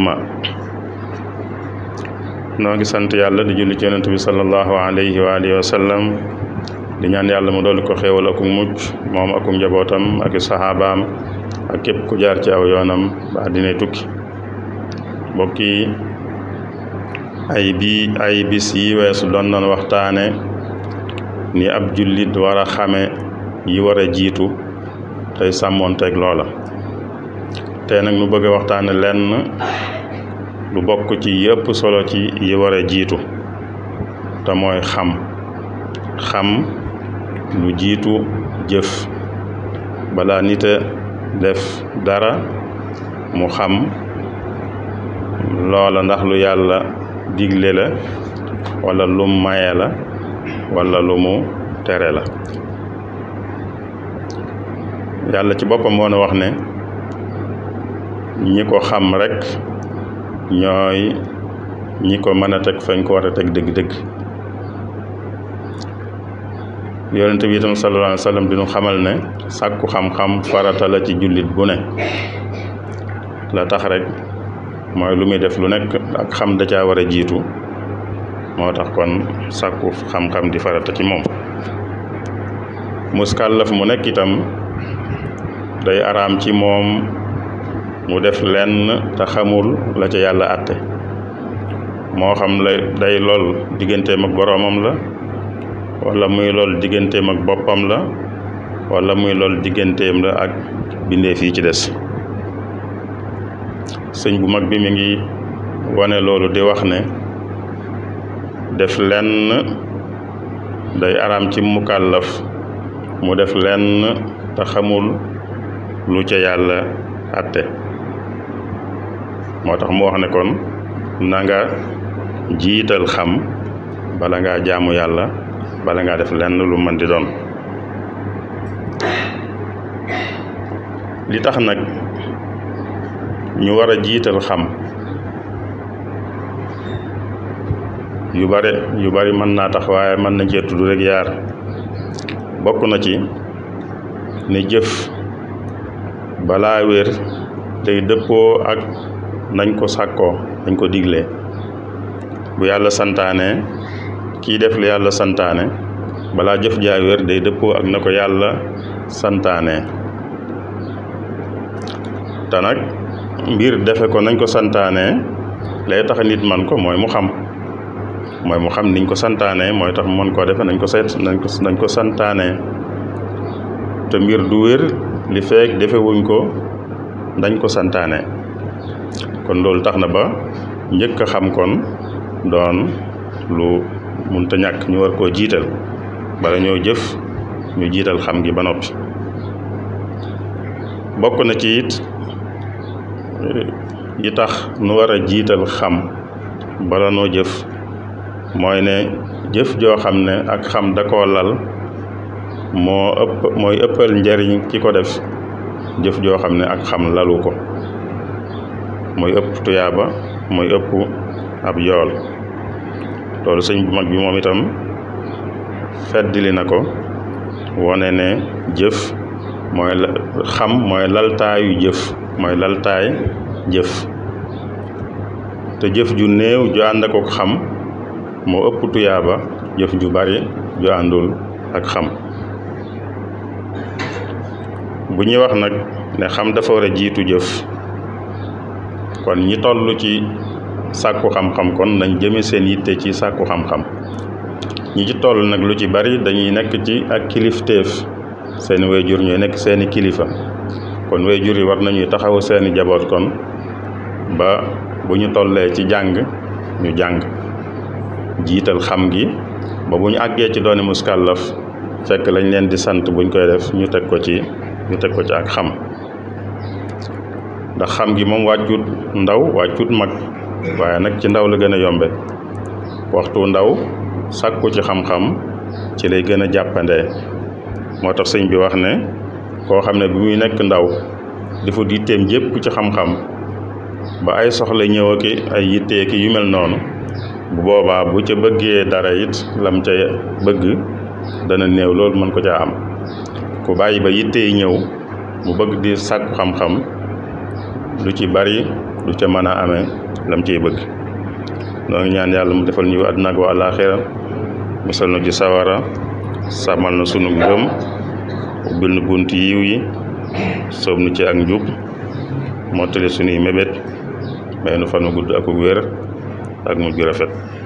ma noo ngi sant yàlla di julli ci yonent bi sallallahu alayhi wa alihi wa di ñaan yàlla mu dolli ko xéewal ak mucc moom ak njabootam ak saxaabaam ak képp ku jaar ci aw yoonam ba dinay tukki mbokk yi ay bis yi weesu doon nañ waxtaane ni ab jullit war a xame yi war a jiitu tey sàmmoonteeg loola tey nag nu bëgg a waxtaane lenn lu bokk ci yépp solo ci yi war jiitu te mooy xam xam lu jiitu jëf balaa nit a def dara mu xam loola ndax lu yàlla digle la walla lu maye la walla lumu tere la yàlla ci boppam moo wax ne ñi ko xam rek ñooy ñi ko mën a teg fañ ko war a teg dëgg-dëgg yonente bi itam sallallahu alayhi wa dinu xamal ne sàkku xam-xam farata la ci jullit bu ne la tax rek mooy lu muy def lu nekk ak xam daca caa war a jiitu moo tax kon sàkku xam-xam di farata ci moom muskàllaf mu nekk itam day araam ci moom mu def lenn te xamul la ca yàlla àtte moo xam la day lool digganteem ak boroomam la wala muy lool digganteem ak boppam la wala muy lool digganteem la ak bindeef yi ci des sëñ bu mag bi mi ngi wane loolu di wax ne def lenn day araam ci mu kàllaf mu def lenn te xamul lu ca yàlla àtte moo tax mu wax ne nanga na jiital xam bala ngaa jaamu yàlla bala ngaa def lenn lu mën di doon li tax nag ñu war a jiital xam yu bare yu bari mën naa tax waaye mën na cee tudd rek yaar bokk na ci ne jëf balaa wér tey dëppoo ak nañ ko sakko dañ ko diglé bu yalla santane, ki def lu yalla santaane bala jëf jaay wër day dëppoo ak nako ko yàlla santaane te mbir defé ko nañ ko santaane lay tax nit man ko moy mu xam moy mu xam niñ ko moy tax mon ko nañ ko sét nañ ko nañ ko te mbir du wër li feek defé wuñ ko dañ ko kon loolu tax na ba njëkk a xam kon doon lu munta ñàkk ñu war koo jiital bala ñoo jëf ñu jiital xam gi ba noppi bokk na ci it yi tax nu war a jiital xam bala noo jëf mooy ne jëf joo xam ne ak xam da koo lal moo ëpp mooy ëppal njariñ ci ko def jëf joo xam ne ak xam lalu ko mooy ëpp tuyaaba mooy ëpp ab yool loolu sëñ bu mag bi moom itam feddili na ko wone ne jëf mooy xam mooy laltaayu jëf mooy laltaay jëf te jëf ju néew ju ànd ak xam moo ëpp tuyaaba jëf ju bari ju àndul ak xam bu ñuy wax nag ne xam dafa war jiitu jëf kon ñi toll ci sàkku xam-xam kon nañ jëme seen yitte ci sàkku xam-xam ñi ci toll nag lu ci bari dañuy nekk ci ak kilifteef seen jur ñooy nekk seeni kilifa kon jur yi war nañuy taxaw seeni jaboot kon ba bu ñu tollee ci jàng ñu jàng jiital xam gi ba bu ñu àggee ci doone muskàllaf fekk lañ leen di sant buñ koy def ñu teg ko ci ñu teg ko ci ak xam ndax xam gi moom wàccut ndaw wàccut mag waaye nag ci ndaw la gën a yombe waxtu ndaw sàkku ci xam-xam ci lay gën a jàppande moo tax sëñ bi wax ne koo xam ne bi muy nekk ndaw dafa ditteem jépp ci xam-xam ba ay soxla ñëw ak ay yittee ki yu mel noonu bu boobaa bu ca bëggee dara it lam ca bëgg dana néew loolu mën ko caa am ku bàyyi ba yittee ñëw mu bëgg di sàkku xam-xam lu ci bari du ca mën a amee lam ciy bëgg noo ngi ñaan yàlla mu defal ñu àdduna ak wa àllaaxira musal na ci sawara sàmmal na sunu ngëm ubbil nu bunt yiw yi soob nu ci ak njub mottali sunuy mébét may nu fanu gudd ak wér ak mujj rafet